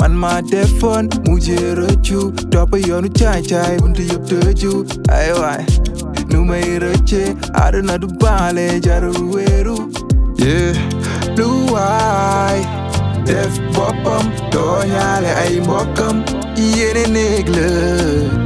man maa defoon mujjee rëccu Doppa yonu caay caay buntu yëpp tëju ay waay nu may rëcce àdduna du baale jaru wéeru yeah Blue Eye, def Bopam, doo ñaale ay mbokkam yéene negle